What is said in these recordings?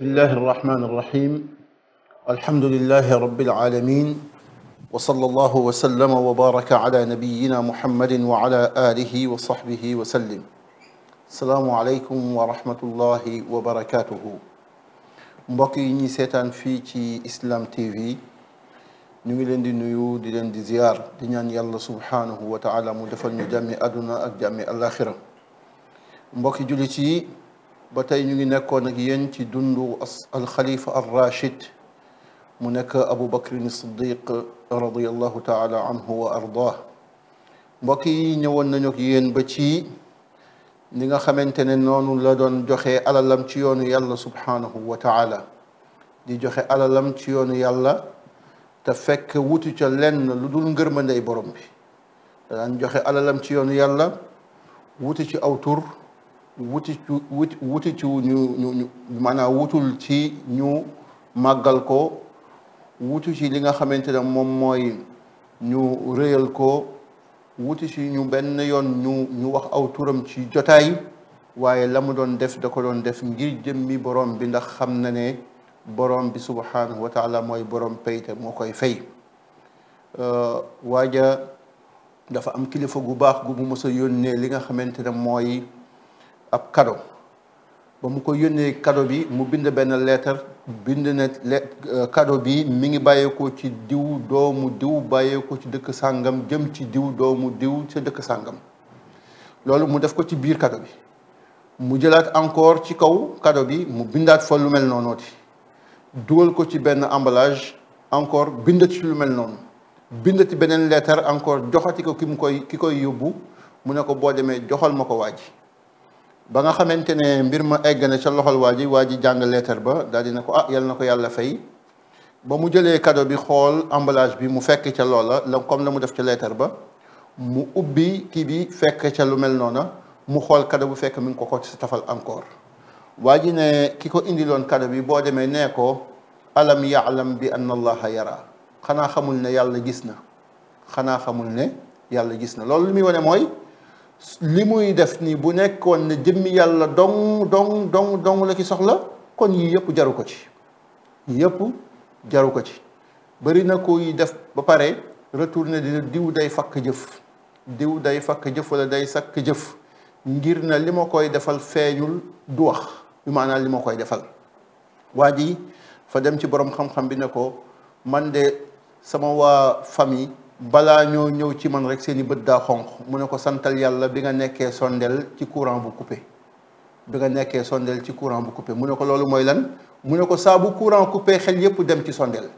بسم الله الرحمن الرحيم الحمد لله رب العالمين وصلى الله وسلم وبارك على نبينا محمد وعلى آله وصحبه وسلم السلام عليكم ورحمة الله وبركاته مبقي نيسيتان في إسلام تي في نميلين دي نيو دي لين دي زيار دي سبحانه وتعالى مدفن جميع أدنى أك جميع الآخرة مبقي جلتي ba tey ñu ngi nekkoon ak yéen ci dundu alxalifa arrachid mu nekk abu bakrin siddiq radiallahu taala anhu wa ardah mbokk yi ñëwoon nañu ak yéen ba ci ni nga xamante ne noonu la doon joxe alalam ci yoonu yàlla subhanahu wa taala di joxe alalam ci yoonu yàlla te fekk wutu ca lenn lu dul ngërmandey borom bi daan joxe alalam ci yoonu yàlla wuti ci aw tur wuti ci wuti wuti ci ñu ñu maanaam wutul ci ñu màggal ko wuti ci li nga xamante ne moom mooy ñu réyal ko wuti ci ñu benn yoon ñu ñu wax aw turam ci jotaay waaye lamu doon def da doon def ngir jëmmi borom bi ndax xam na ne borom bi subhanahu wa taala mooy borom payte moo koy fay euh, waaja dafa am kilifa gu baax gu mu mës a yónnee li nga xamante ne mooy ab cadeau ba mu ko yónnee cadeau bi mu bind benn lettre bind ne euh, cadeau bi mi ngi bàyyeekoo ci diw doomu diw bàyyeekoo ci dëkk sàngam jëm ci diw doomu diw ci dëkk sàngam loolu mu def ko ci biir cadeau bi mu jëlaat encore ci kaw cadeau bi mu bindaat fa lu mel noonooti dugal ko ci benn emballage encore bindati ci lu mel noonu bindati beneen leetar encore joxati ko ki mu koy ki koy yóbbu mu ne ko boo demee joxal ma ko waa ba nga xamante ne mbir ma egg na ca loxol waa ji waa ji jàng leetar ba daal dina ko ah yal na ko yàlla fay ba mu jëlee kado bi xool embalage bi mu fekk ca loola la comme la mu def ca leetar ba mu ubbi kii bi fekk ca lu mel noona mu xool cadeau bu fekk mi ngi ko ko ci tafal encore waa ji ne ki ko indiloon cadeau bi boo demee nee ko alam yaalam bi anna allaha yara xanaa xamul ne yàlla gis na xanaa xamul ne yàlla gis na loolu muy wane mooy li muy def nii bu nekkoon ne jëmmi yàlla dong dong dong dong la ci soxla kon yii yëpp jaru ko ci yii yëpp jaru ko ci bëri na koy def ba pare na di diw day fakk jëf diw day fakk jëf wala day sakk jëf ngir na li ma koy defal feeñul du wax bi maanaam li ma koy defal waa ji fa dem ci boroom xam-xam bi ne ko man de sama waa famille balaa ñoo ñëw ci man rek seeni bët daa xonq mu ne ko santal yàlla bi nga nekkee sondeel ci courant bu coupé bi nga nekkee sondeel ci courant bu coupé mu ne ko loolu mooy lan mu ko saa bu courant coupé xel yépp dem ci sondeel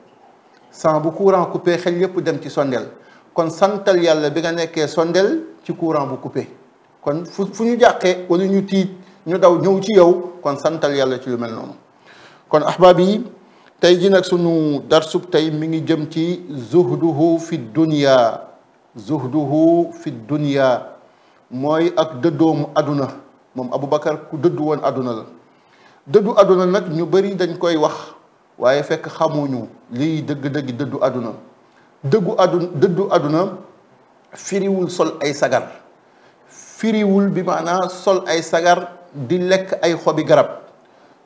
saa bu courant coupé xel yépp dem ci sondeel kon santal yàlla bi nga nekkee sondeel ci courant bu coupé kon fu fu ñu jàqee wala ñu tiit ñu daw ñëw ci yow kon santal yàlla ci lu mel noonu kon ahbaab yi tay ji nak sunu darsub tay mi ngi jëm ci zuhduhu fi dunya zuhduhu fi dunya moy ak dëddoomu àdduna moom Aboubacar ku dedd won aduna la dëddu aduna nak ñu bari dañ koy wax waye fekk xamuñu lii deug degg dëddu àdduna dëggu àdduna dëddu àdduna firiwul sol ay sagar firiwul bi maana sol ay sagar di lek ay xobi garab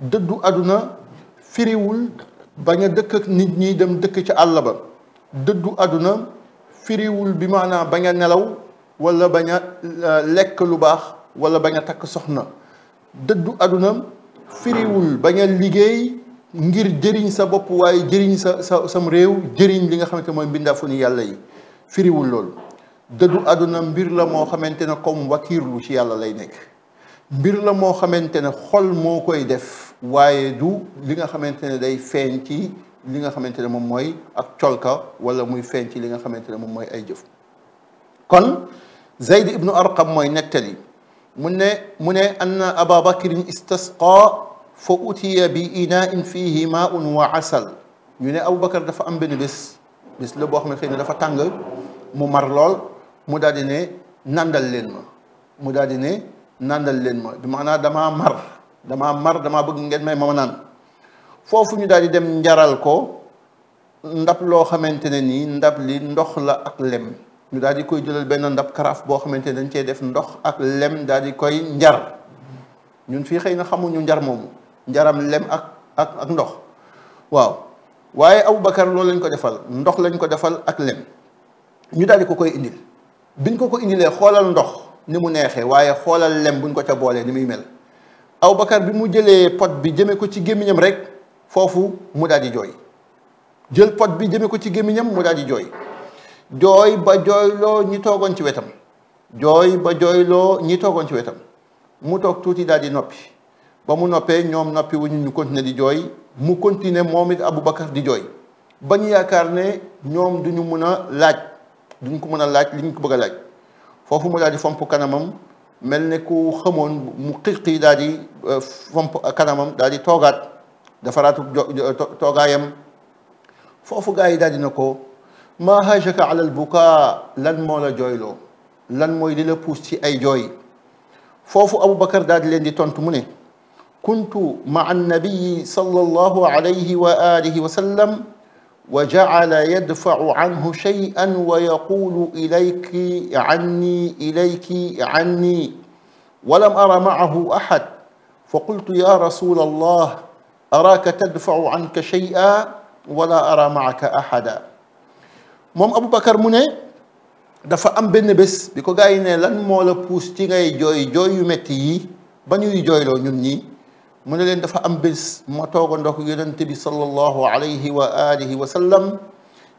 dëddu àdduna firiwul bañ a dëkk ak nit ñi dem dëkk ci àll ba dëddu àdduna firiwul bi maanaa bañ a nelaw wala bañ a lekk lu baax wala bañ a takk soxna dëddu àdduna firiwul bañ a liggéey ngir jëriñ sa bopp waaye jëriñ sa sam réew jëriñ li nga xamante mooy mbindaafu ni yàlla yi firiwul loolu dëddu àdduna mbir la moo xamante ne comme wakiirlu ci yàlla lay nekk mbir la moo xamante ne xol moo koy def waye du li nga xamantene day fenti li nga xamantene mom moy ak colka wala muy fenti li nga xamantene mom moy ay jëf kon zayd ibn arqam moy nettali muné muné anna aba bakrin istasqa fa utiya bi inain fihi maun wa asal ñu ne aboubacar dafa am benn bis bis la bo xam ne dafa tàng mu mar lol mu dadi ne nandal leen ma mu dadi ne nandal leen ma bi maanaa dama mar damaa mar damaa bëgg ngeen may ma naan foofu ñu daal di dem njaral ko ndab loo xamante ne nii ndab li ndox la ak lem ñu daal di koy jëlal benn ndab karaaf boo xamante ne dañ cee def ndox ak lem daal di koy njar ñun fii xëy na xamuñu njar moomu njaram lem ak ak ak ndox waaw waaye Aboubacar loolu lañ ko defal ndox lañ ko defal ak lem ñu daal di ko koy indil biñ ko ko indilee xoolal ndox ni mu neexee waaye xoolal lem buñ ko ca boolee ni muy mel. Aboubacar bi mu jëlee pot bi jëmee ko ci gémmiñam rek foofu mu daal di jooy jël pot bi jëmee ko ci gémmiñam mu daal jooy jooy ba jooyloo ñi toogoon ci wetam jooy ba jooyloo ñi toogoon ci wetam mu toog tuuti daal di noppi ba mu noppee ñoom noppi ñu ñu continuer di jooy mu continuer moom it Aboubacar di jooy ba ñu yaakaar ne ñoom du ñu mën a laaj duñ ko mën a laaj li ñu ko bëgg a laaj foofu mu daal fomp kanamam mel ne ku xamoon mu xiqi daal di fomp kanamam daal di toogaat defaraatu toogaayam foofu gars yi daal di na ma hajaka ala al buka lan moo la lan mooy li la ci ay joy fofu aboubacar daal di len di tontu mu ne kuntu maa annabiyi sallallahu alayhi wa alihi wa sallam وجعل يدفع عنه شيئا ويقول إليك عني إليك عني ولم أرى معه أحد فقلت يا رسول الله أراك تدفع عنك شيئا ولا أرى معك أحدا مم أبو بكر مني دفع أم بن بس بكو غاينة لن مولا بوستي جوي جوي يمتي بني جوي لو نمني من لين دفع أمبس ما توقن دخو ينتبي صلى الله عليه وآله وسلم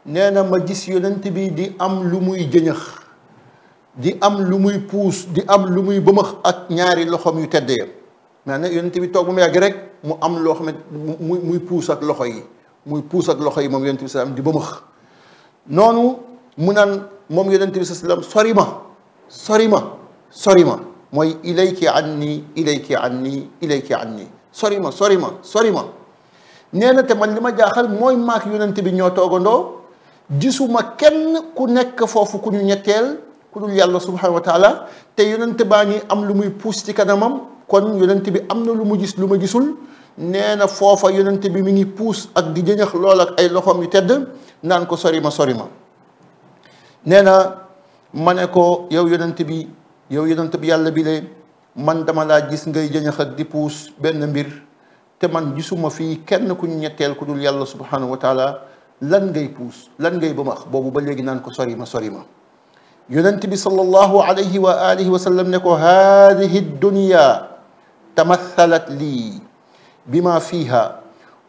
نانا مجيس ينتبي دي أم لموي جنخ دي أم لموي بوس دي أم لموي بمخ أك نياري لخم يتدير معنى ينتبي توقن ميا غريك مو أم لخم موي بوس أك لخي موي بوس أك لخي مم ينتبي سلام دي بمخ نانو منان مم ينتبي سلام سوري ما سوري ما سوري ما موي إليك عني إليك عني إليك عني sori ma sori ma sori ma neena te man lima ma jaaxal mooy maak yonent bi ñoo toogandoo gisuma kenn ku nekk fofu ku ñu ñettel ku dul yàlla subhanahu wa taala te yonent baa ngi am lu muy puus ci kanamam kon yonent bi am na lu mu gis lu ma gisul neena fofa yonent bi mi ngi puus ak di jëñax lool ak ay loxom yu tedd naan ko sori ma sori ma neena na ko yow yonent bi yow yonent bi yàlla bi lee man dama la gis ngay jëñ ak di puus ben mbir te man gisuma fi kenn ku ñettel ku dul yàlla subhanahu wa taala lan ngay puus lan ngay ba max boobu ba legi nan ko sori ma sori ma yonent bi sallallahu alayhi wa alihi wa sallam ne ko haadihi dunya tamathalat li bima fiha fiiha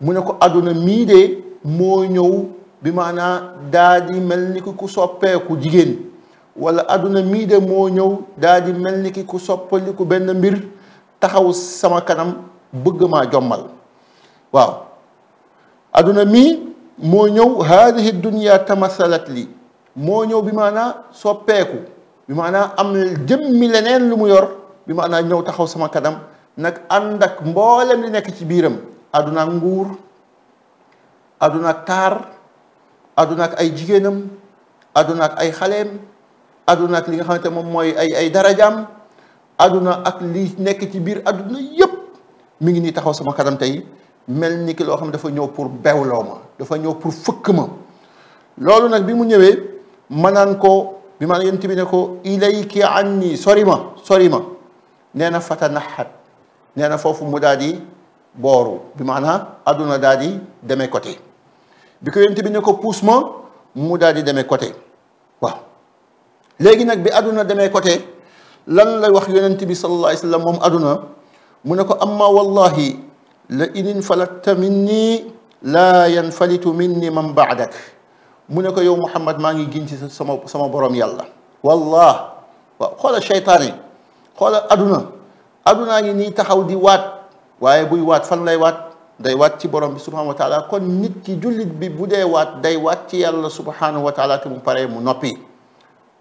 mu ne ko àdduna mii de mo ñëw bi maanaa daadi melni ku soppeku jigen wala àdduna mii de moo ñëw daal di mel ni ki ku soppali ku benn mbir taxaw sama kanam bëgg maa jommal waaw àdduna mii moo ñëw haadihi dunia tamasalat li moo ñëw bi maanaa soppeeku bi maanaa am jëmmi leneen lu mu yor bi maanaa ñëw taxaw sama kanam nag ànd ak li nekk ci biiram àdduna nguur àdduna ak taar ay jigéenam àdduna ay xaleem aduna ak li nga xamante moom mooy ay ay darajaam aduna ak li nekk ci biir aduna yépp mi ngi nii taxaw sama kanam tey mel ni ki loo xam ne dafa ñëw pour bewloo ma dafa ñëw pour fëkk ma loolu nag bi mu ñëwee manaan ko bi maanaam yéen tamit ne ko ilayki anni sori ma sori ma nee na fatanaxat nee na foofu mu daal di booru bi maanaam aduna daal di demee côté bi ko yéen tamit ne ko puus ma mu daal di demee côté waaw léegi nak bi aduna démé côté lan lay wax yonent bi sallallahu alayhi wasallam mom aduna muneko amma wallahi la inin falatta minni laa yanfalitu minni man ba'dak muneko yow Muhammad maa ngi giñ sama sama borom yàlla wallah waaw xoola seytaane xoola àdduna àddunaa ngi nii taxaw di waat waaye buy waat fan lay waat day waat ci borom bi subhanahu wa taala kon nit ki jullit bi bu dee day waat ci yàlla subhanahu wa taala te mu paree mu noppi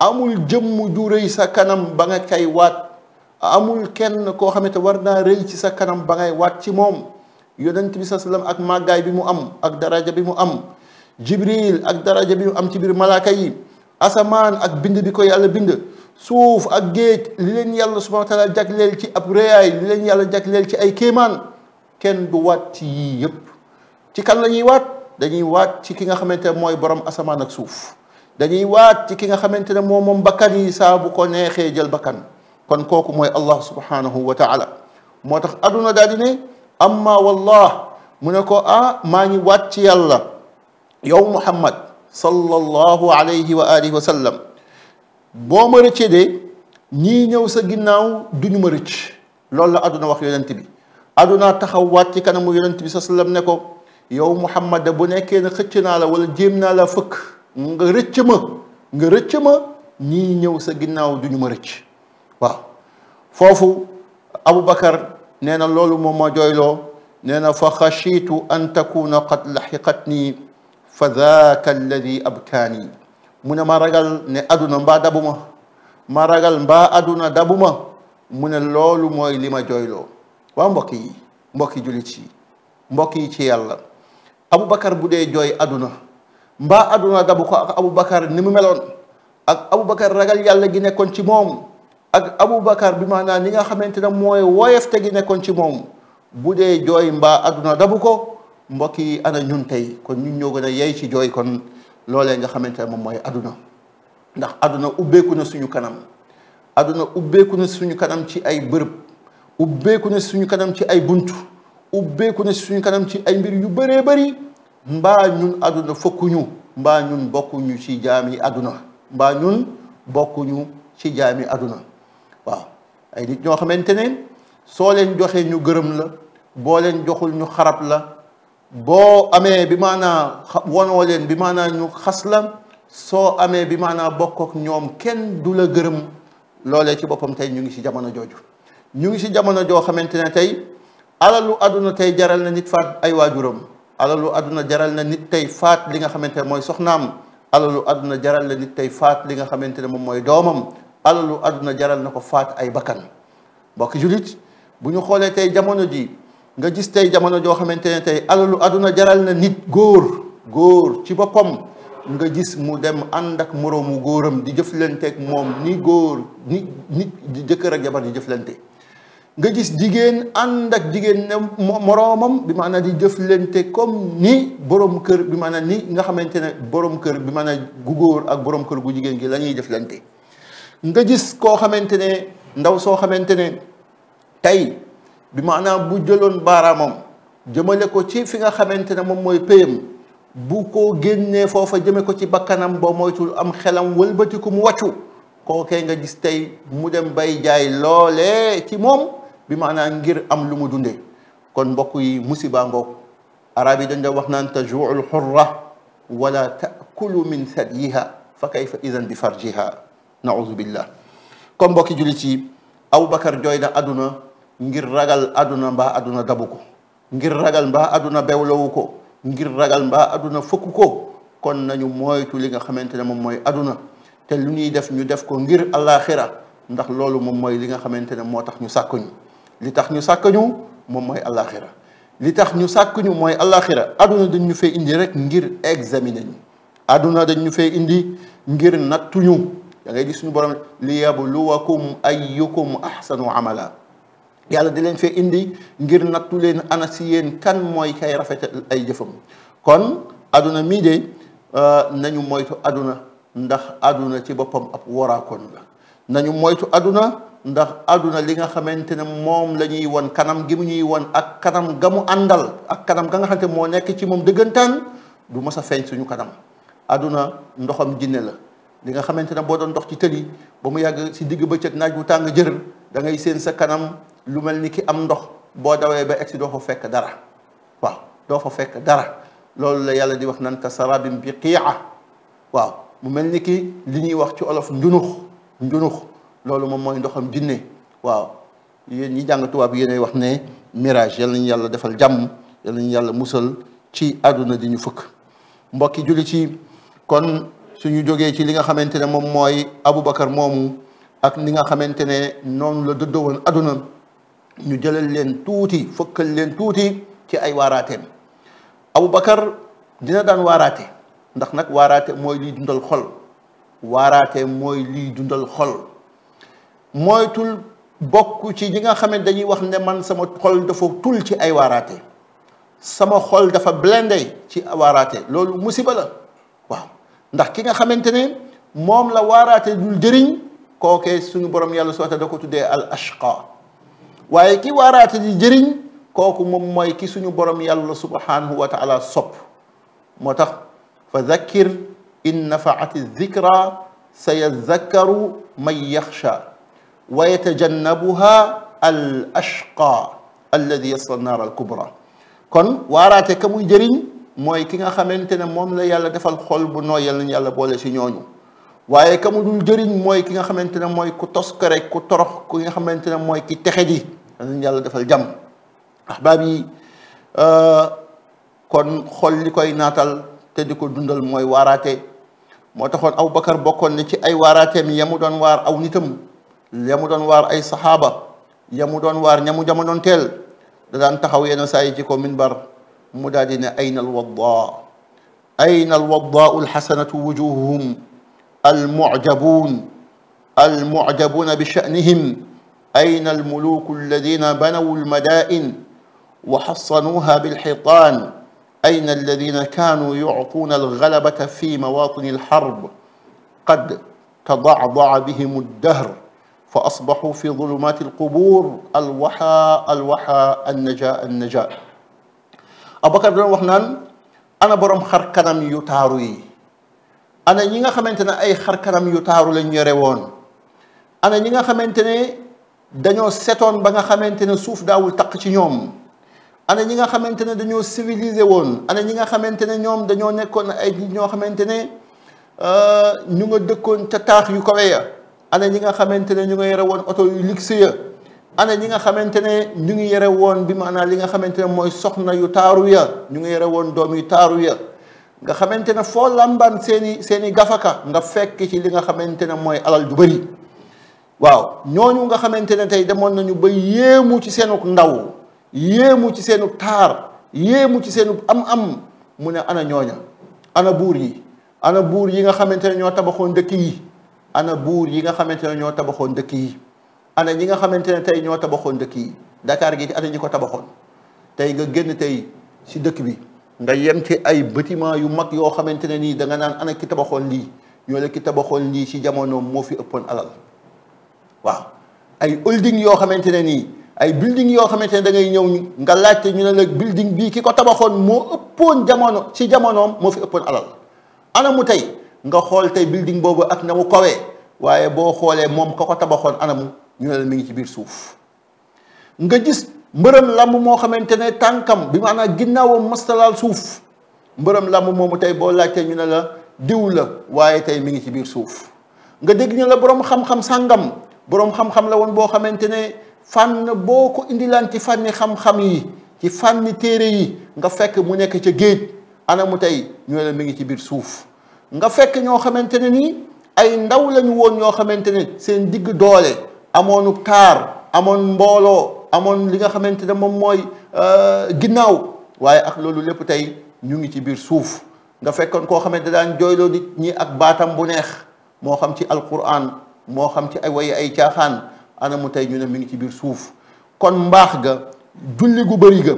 amul jëmm ju rëy sa kanam ba nga kay waat amul kenn koo xamante war naa rëy ci sa kanam ba ngay waat ci moom yonent bi sa sallam ak màggaay bi mu am ak daraja bi mu am jibril ak daraja bi mu am ci biir malaaka yi asamaan ak bind bi ko yàlla bind suuf ak géej li leen yàlla subhanahu wa taala jagleel ci ab réyaay li leen yàlla jagleel ci ay kéemaan kenn du waat ci yii yépp ci kan la ñuy waat dañuy waat ci ki nga xamante mooy borom asamaan ak suuf dañuy waat ci ki nga xamantene mom mom moom sa bu ko nexé jël bakan kon koku moy allah subhanahu wa taala motax aduna dal dine amma wallah muneko a ma ngi waat ci yàlla yow muhammad sallallahu alayhi wa alihi wa sallam bo ma recc de ñi ñëw sa ginnaw duñu ma rëcc lool la aduna wax yonent bi aduna taxaw waat ci kanamu yonent bi sallallahu alayhi wa sallam neko yow muhammad bu nekké na xëcc naa la wala jéem naa la fëkk nga rëcc ma nga rëcc ma ñëw sa ginnaaw duñu ma rëcc waaw foofu Aboubacar nee na loolu moom ma jooyloo nee na fa xachitu an takuna qad laxiqat fa daaka alladi abkaani mu ne ma ragal ne aduna mbaa dabu ma ma ragal mbaa aduna dabu ma mu ne loolu mooy li ma jooyloo waa mbokk yi mbokki jullit yi mbokk yi ci yàlla Aboubacar bu dee jooy aduna mbaa àdduna gabu ko ak Aboubacar ni mu meloon ak Aboubacar ragal yàlla gi nekkoon ci moom ak Aboubacar bi maanaam li nga xamante ne mooy woyefte gi nekkoon ci moom bu dee jooy mbaa àdduna dabu ko mbokk yi ana ñun tey kon ñun ñëw gën a yey ci jooy kon loole nga xamante ne moom mooy àdduna ndax àdduna ubbeeku na suñu kanam àdduna ubbeeku na suñu kanam ci ay bërëb ubbeeku na suñu kanam ci ay bunt ubbeeku na suñu kanam ci ay mbir yu bëree bëri mbaa ñun àdduna fokkuñu mbaa ñun bokkuñu ci jaami àdduna mbaa ñun bokkuñu ci jaami àdduna waaw ay nit ñoo xamante ne soo leen joxee ñu gërëm la boo leen joxul ñu xarab la boo amee bi maanaa wonoo leen bi maanaa ñu xas la soo amee bi maanaa bokk ñoom kenn du la gërëm loole ci boppam tey ñu ngi ci jamono jooju ñu ngi ci jamono joo xamante ne tey alalu àdduna tey jaral na nit fa ay waajuram alalu àdduna jaral na nit tey faat li nga xamante ne mooy soxnaam alalu àdduna jaral na nit tey faat li nga xamante ne moom mooy doomam alalu àdduna jaral na ko faat ay bakkan mbokki jullit bu ñu xoolee tey jamono ji nga gis tey jamono joo xamante ne tey alalu àdduna jaral na nit góor góor ci boppam nga gis mu dem ànd ak moroomu góoram di jëflanteeg moom ni góor nit nit jëkkër a jabar jëflante nga gis jigéen ànd ak jigéen moroomam bi maanaam di jëflante comme ni borom kër bi maanaam ni nga xamante ne borom kër bi maanaam gu góor ak borom kër gu jigéen gi lañuy ñuy jëflante nga gis koo xamante ne ndaw soo xamante ne tey bi maanaam bu jëloon baaraamam jëmale ko ci fi nga xamante ne moom mooy payam bu ko génnee foofa jëme ko ci bakkanam boo moytul am xelam wëlbatiku mu wàccu kookee nga gis tey mu dem bay jaay loolee ci moom bi maanaam ngir am lu mu dundee kon mbokk yi musiba ngoog arab yi dañ da wax naan tajuul xurra wala taakulu min sadiha fa kayfa idan bi farjiha naudu billah kon mbokki jullit yi aboubacar jooy na aduna ngir ragal aduna mbaa aduna dabu ko ngir ragal mbaa aduna bewlawu ko ngir ragal mbaa aduna fukk ko kon nañu moytu li nga xamante ne moom mooy aduna te lu ñuy def ñu def ko ngir alaxira ndax loolu moom mooy li nga xamante ne moo tax ñu sàkkuñu li tax ñu sàkk ñu moom mooy àllaaxira li tax ñu sàkk ñu mooy àllaaxira àdduna dañ ñu fee indi rek ngir examiner ñu àdduna dañ ñu fee indi ngir nattuñu da ngay gis suñu borom li yabluwakum ayyukum ahsanu amala yàlla di leen fee indi ngir nattu leen ana kan mooy kay rafetal ay jëfam kon aduna mii de nañu moytu àdduna ndax àdduna ci boppam ab waraakoon la nañu moytu àdduna ndax aduna li nga xamante ne moom la ñuy won kanam gi mu ñuy won ak kanam gamu andal ak kanam ga nga xamante moo nekk ci moom dëggantaan du mës a feeñ suñu kanam aduna ndoxam jinne la li nga xamante ne boo doon dox ci tëli ba mu yàgg si digg bëccëg naaj bu tàng jër da ngay seen sa kanam lu ki am ndox boo dawee ba egsi doo fa fekk dara waaw doo fa fekk dara loolu la di wax nan ka sarabim bi qiia waaw mu mel ki li wax ci olof lolu mom moy ndoxam jinne waaw yéen ñi jàng tubaab yéenay wax ne mirage yalla ñu yàlla defal jàmm yalla ñu yàlla musal ci aduna di ñu fukk mbokki julli ci kon suñu joggé ci li nga xamantene mom moy mooy Aboubacar moomu ak ni nga xamantene non la dëddo won aduna ñu jëlal leen tuuti fukkal leen tuuti ci ay waaraateem Aboubacar dina daan warate ndax nak warate moy li dundal xol warate moy li dundal xol moytul bokku ci ñi nga xam dañuy wax ne man sama xol dafa tul ci ay warate sama xol dafa blende ci warate lolu musiba la waaw ndax ki nga xamante mom la warate dul jëriñ kookee suñu borom yàlla su da ko al ashqa waye ki warate di jëriñ koku mom moy ki suñu borom yàlla subhanahu wa taala sop motax fa dhakkir in nafaati dhikra sayadhakkaru man ويتجنبها الأشقى الذي يصل النار الكبرى كن وارات كمو يجرين موي كيغا خامتيني موم لا يالا ديفال خول بو نويال ن يالا بولي سي ньо ญ و waye كم دول جرين موي كيغا خامتيني موي كو توسكري كو تروخ كيغا خامتيني موي كي تخيدي ن يالا ديفال جام احبابي ا آه، كون خول ليكوي ناتال تي ديكو دوندال موي واراتي مو تخون ابو بكر بوكون ني سي اي واراتي مي يمو دون وار او نيتم ya mu doon waar ay saxaaba ya mu doon waar ña mu jamonoon teel da daan taxaw yenn saa yi ci ko minbar mu daal di ne ayna alwadda ayna alwaddaau alxasanatu wujuhuhum almucjabuun almucjabuuna bi shanihim ayna almuluku alladina banaw almadaa'in wa xassanuuha bilxitaan ayna alladina kaanuu yuctuuna algalabata fi mawatini alxarb qad tadacdaca bihim aldahar فأصبحوا في ظلمات القبور الوحى الوحى النجاء النجاء أبو بكر بن وحنان أنا برم خر كرم يتاروي أنا نينا خمنتنا أي خر كرم يتارو لن يريوان أنا نينا خمنتنا دانيو ستون بغا خمنتنا سوف داول تقشي نيوم أنا نينا خمنتنا دانيو سيفيليزي وون أنا نينا خمنتنا نيوم دانيو نيكون أي دي نيو خمنتنا أه دكون تتاخ يكوريا ana ñi nga xamante ne ñu ngi yore woon oto yu luxueux ana ñi nga xamante ne ñu ngi yore woon bi maanaam li nga xamante ne mooy soxna yu taaru ya ñu ngi yore woon doom yu taaru ya nga xamante ne foo làmban seeni seeni gafaka nga fekk ci li nga xamante ne mooy alal ju bëri waaw ñooñu nga xamante ne tey demoon nañu ba yéemu ci seenuk ndaw yéemu ci seenu taar yéemu ci seenu am-am mu ne ana ñooña ana buur yi ana buur yi nga xamante ne ñoo tabaxoon dëkk yi ana buur yi nga xamante ne ñoo tabaxoon dëkk yi ana ñi nga xamante ne tey ñoo tabaxoon dëkk yi Dakar gi ana ñi ko tabaxoon tey nga génn tey si dëkk bi nga yem ci ay bâtiment yu mag yoo xamante ne nii da naan ana ki tabaxoon lii ñoo la ki tabaxoon lii si jamonoom moo fi ëppoon alal waaw ay holding yoo xamante ne nii ay building yoo xamante ne da ngay ñëw nga laajte ñu ne la building bii ki ko tabaxoon moo ëppoon jamono si jamonoom moo fi ëppoon alal ana nga xool tey building boobu ak na mu kawee waaye boo xoolee moom ko ko tabaxoon anamu ñu ne la mi ngi ci biir suuf nga gis mbërëm làmb moo xamante ne tànkam bi maanaam ginnaawam mastalaal suuf mbërëm làmb moomu tey boo laajtee ñu ne la diw la waaye tey mi ngi ci biir suuf nga dégg ñu la boroom xam-xam sàngam boroom xam-xam la woon boo xamante ne fànn boo ko indilaan ci fànni xam-xam yi ci fànni téere yi nga fekk mu nekk ca géej anamu tey ñu ne la mi ngi ci biir suuf nga fekk ñoo xamantene ni ay ndaw lañu woon ñoo xamantene seen digg doole amoonu taar amoon mbolo amoon li nga xamantene mom moy euh ginnaw waye ak lolu lépp tay ñu ngi ci bir suuf nga fekkon ko xamantene daan joylo nit ñi ak batam bu neex mo xam ci alquran mo xam ci ay way ay tiaxan ana mu tay ñu ne mi ngi ci bir suuf kon mbax ga julli gu bari ga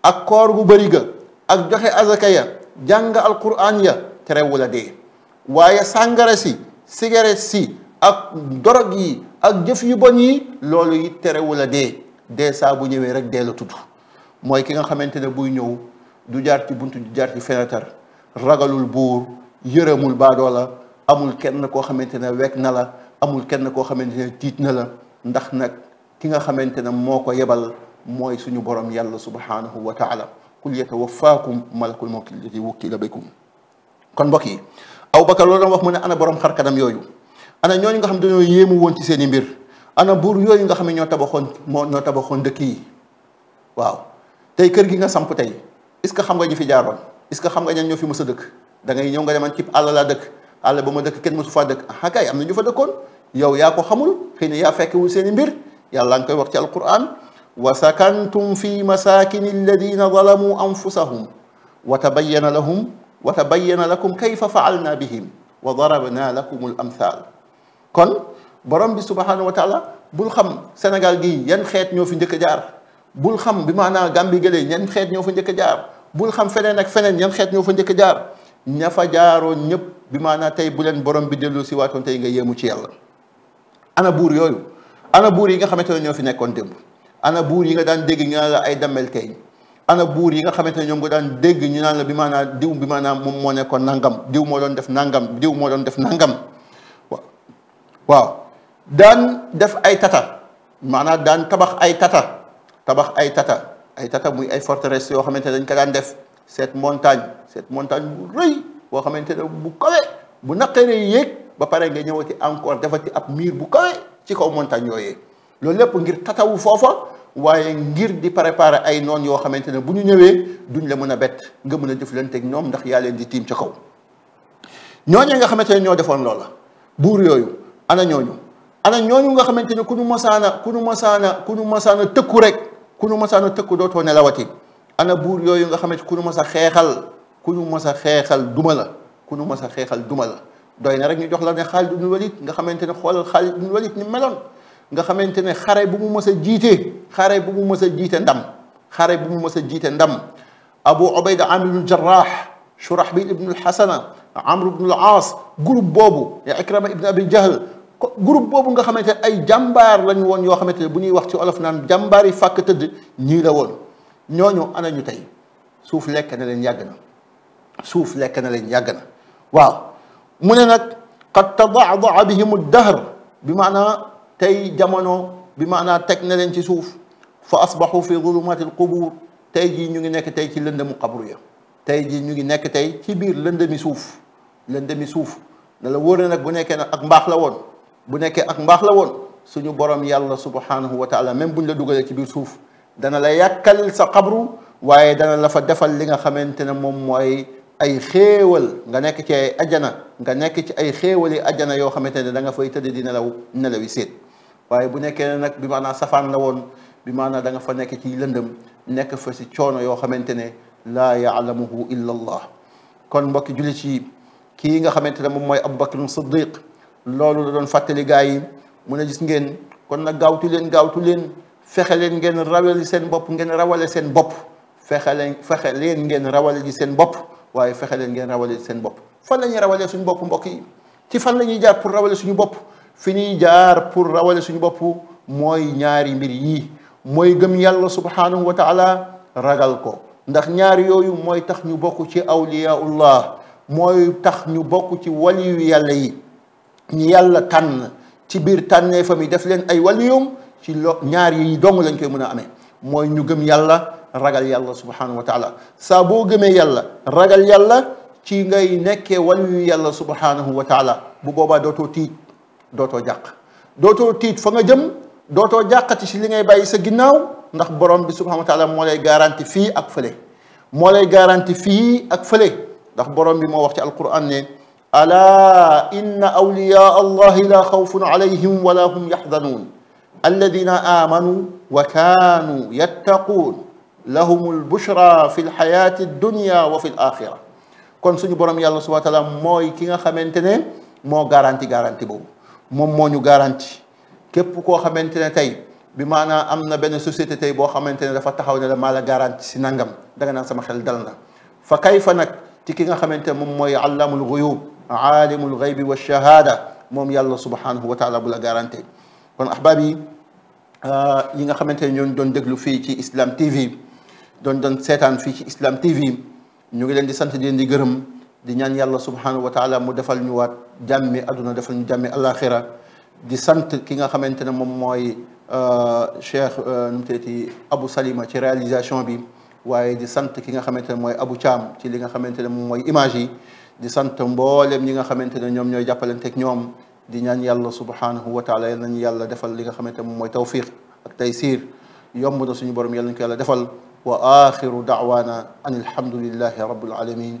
ak koor gu bari ga ak joxe azaka ya jàng alquran ya terewuladee waye sàngara si cigarette si ak dorog yi ak jëf yu bon yi loolu it terewuladee de sa bu ñewé rek de la tuddu moy ki nga xamantene buy ñëw du jaar ci buntu du jaar ci fenêtre ragalul buur yërëmul la amul kenn ko xamantene wek na la amul kenn ko xamantene tit na la ndax nak ki nga xamantene moko yebal moy suñu borom yàlla subhanahu wa taala قل يتوفاكم ملك الموت الذي وكل بكم kon mbokk yi aw bakar loolu wax mu ne ana borom xar kanam yooyu ana ñooñu nga xam dañoo yéemu woon ci seen i mbir ana buur yooyu nga xam ne ñoo tabaxoon moo ñoo tabaxoon dëkk yi waaw tey kër gi nga samp tey est ce que xam nga ñu fi jaaroon est ce que xam nga ñan ñoo fi mës a da ngay ñëw nga deman ci àll laa dëkk àll ba ma kenn mësu faa dëkk ah kay am ñu fa dëkkoon yow yaa ko xamul xëy na yaa fekkewul seen mbir yàlla nga koy wax ci alquran wa sakantum fi masakini ladina zalamu anfusahum wa tabayyana lahum وتبين لكم كيف فعلنا بهم وضربنا لكم الامثال كون بروم بي سبحانه وتعالى بول خم سنغال جي يان خيت ньо في نديك جار بول خم بمعنى غامبي غلي يان خيت ньо في نديك جار بول خم فنن اك فنن يان خيت ньо في نديك جار نيافا جارو نيب بمعنى تاي بولن بروم بي ديلو سي واتون تاي غي يمو يالا انا بور يوي انا بور ييغا خامتو ньо في نيكون ديم انا بور ييغا دان ديغي نالا اي دامل تاي ana buur yi nga xamante ne ñoom nga daan dégg ñu naan la bi maanaam diw bi maanaam moo nekkoon nangam diw moo doon def nangam diw moo doon def nangam waaw daan def ay tata maanaam daan tabax ay tata tabax ay tata ay tata muy ay forteresse yoo xamante ne dañ ko daan def cette montagne seet montagne bu rëy boo xamante ne bu kawe bu naqaree yéeg ba pare nga ñëwati encore defati ab miir bu kawe ci kaw montagne yooyee loolu lépp ngir tatawu foofa waaye ngir di préparer ay noon yoo xamante ne bu ñu ñëwee duñ la mën a bett nga mën a jëflanteeg ñoom ndax yaa leen di tiim ca kaw ñooñu nga xamante ne ñoo defoon loola buur yooyu ana ñooñu ana ñooñu nga xamante ne ku nu masaana ku nu masaana ku nu masaana tëkku rek ku nu masaana tëkku dootoo nelawati ana buur yooyu nga xamante ku nu mas a xeexal ku nu mas a xeexal duma la ku nu mas a xeexal duma la doy na rek ñu jox la ne Xaalid ibn Walid nga xamante ne xoolal Xaalid ibn Walid meloon nga xamantene xare bu mu mës a xare bu mu mës a ndam xare bu mu mës a ndam abu ubayda amir al jarrah bin ibn al hasana amr ibn al as groupe bobu ya ikrama ibn abi jahl groupe bobu nga xamantene ay jambar lañ won yo xamantene bu ñuy wax ci olof nan jàmbaar yi fàkk tëdd ñii la won ñooñu ana ñu tay suuf lek na leen yagna suuf lek na leen yagna waaw mune nak qad tadha'dha bihim dahr bimaana تي جامونو بمعنى maanaa teg سي سوف فاصبحوا في ظلمات القبور تي جي نيغي نيك تي سي لندم قبر يا تي جي نيغي نيك تي سي بير لندم سوف لندم سوف biir وور نك بو نيك اك مباخ لا وون بو نيك اك مباخ لا وون سونو بوروم يالا سبحانه وتعالى ميم بو suñu borom yàlla بير سوف دا même ياكل سا قبر واي دا suuf فا دافال ليغا خامتنا موم موي اي خيول nga nek ci ay ajana nga nek ci ay xewali ajana yo xamantene da nga fay tëdd dina law nelawi set waye bu nekké nak bi maanaam safan la won bi maanaam da nga fa nekk ci lendeum nekk fa ci coono yo xamantene la ya'lamuhu illa allah kon mbokk julli ci ki nga xamantene mom moy Abu Bakr as siddiq loolu la doon fatali gaay yi mu ne gis ngeen kon nak gawtu len gawtu len fexel len ngeen rawel sen bop ngeen rawale sen bop fexel leen fexe leen ngeen rawale ji sen bop waye fexel len ngeen rawale sen bop fan lañu ñuy suñu bop mbokk yi ci fan lañu jaar pour rawale suñu bop fini jaar pour rawale suñu bop moy ñaari mbir yi moy gëm yàlla subhanahu wa taala ragal ko ndax ñaar yoyu moy tax ñu bokku ci allah moy tax ñu bokku ci wali yàlla yi ñi yàlla tan ci bir tané fami def leen ay waliyum ci ñaar yi dong lañ koy mëna amé moy ñu gëm yàlla ragal yàlla subhanahu wa taala sa bo gëmé yàlla ragal yàlla ci ngay nekké wali yàlla subhanahu wa taala bu boba doto tiit doto jàq doto tit fa nga jëm doto jàqati ci li ngay bàyyi sa ginnaw ndax borom bi subhanahu wa taala mo lay garantie fi ak fële mo lay garantie fi ak fële ndax borom bi mo wax ci alquran ne ala inna awliya allah la khawfun alayhim wa la hum yahzanun alladhina amanu wa kanu yattaqun lahum albushra fi lxayaati addunia wa fi l axira kon suñu borom yàlla subhanahu wa taala mooy ki nga xamante ne moo garanti garanti moom moo ñu garanti képp koo xamante ne tey bi maanaam am na benn société tey boo xamante ne dafa taxaw ne la maa garanti si nangam danga naan sama xel dal na fa kay fa nag ci ki nga xamante ne moom mooy allamul guyub aalimul gaybi wa shahada moom yàlla subhanahu wa taala bu la garanti kon ahbab yi ah, yi nga xamante ne ñoon doon déglu fii ci Islam TV doon doon seetaan fii ci Islam TV ñu ngi leen di sant leen di gërëm di ñaan yàlla subhanahu wa taala mu defal ñu wat jàmmi aduna defal ñu jàmmi al-akhirah di sante ki nga xamantene mom moy euh cheikh nu teeti Abu Salima ci réalisation bi waye di sante ki nga xamantene moy abou Abu ci li nga xamantene mom moy image yi di sante mboolem ñi nga xamantene ñom ñoy jappalante ak ñom di ñaan yàlla subhanahu wa taala yalla ñu yàlla defal li nga xamantene mom moy tawfiq ak taysir yomb na suñu borom yalla ñu ko yàlla defal wa axiru daawaana an alhamdulillahi rabbil alamin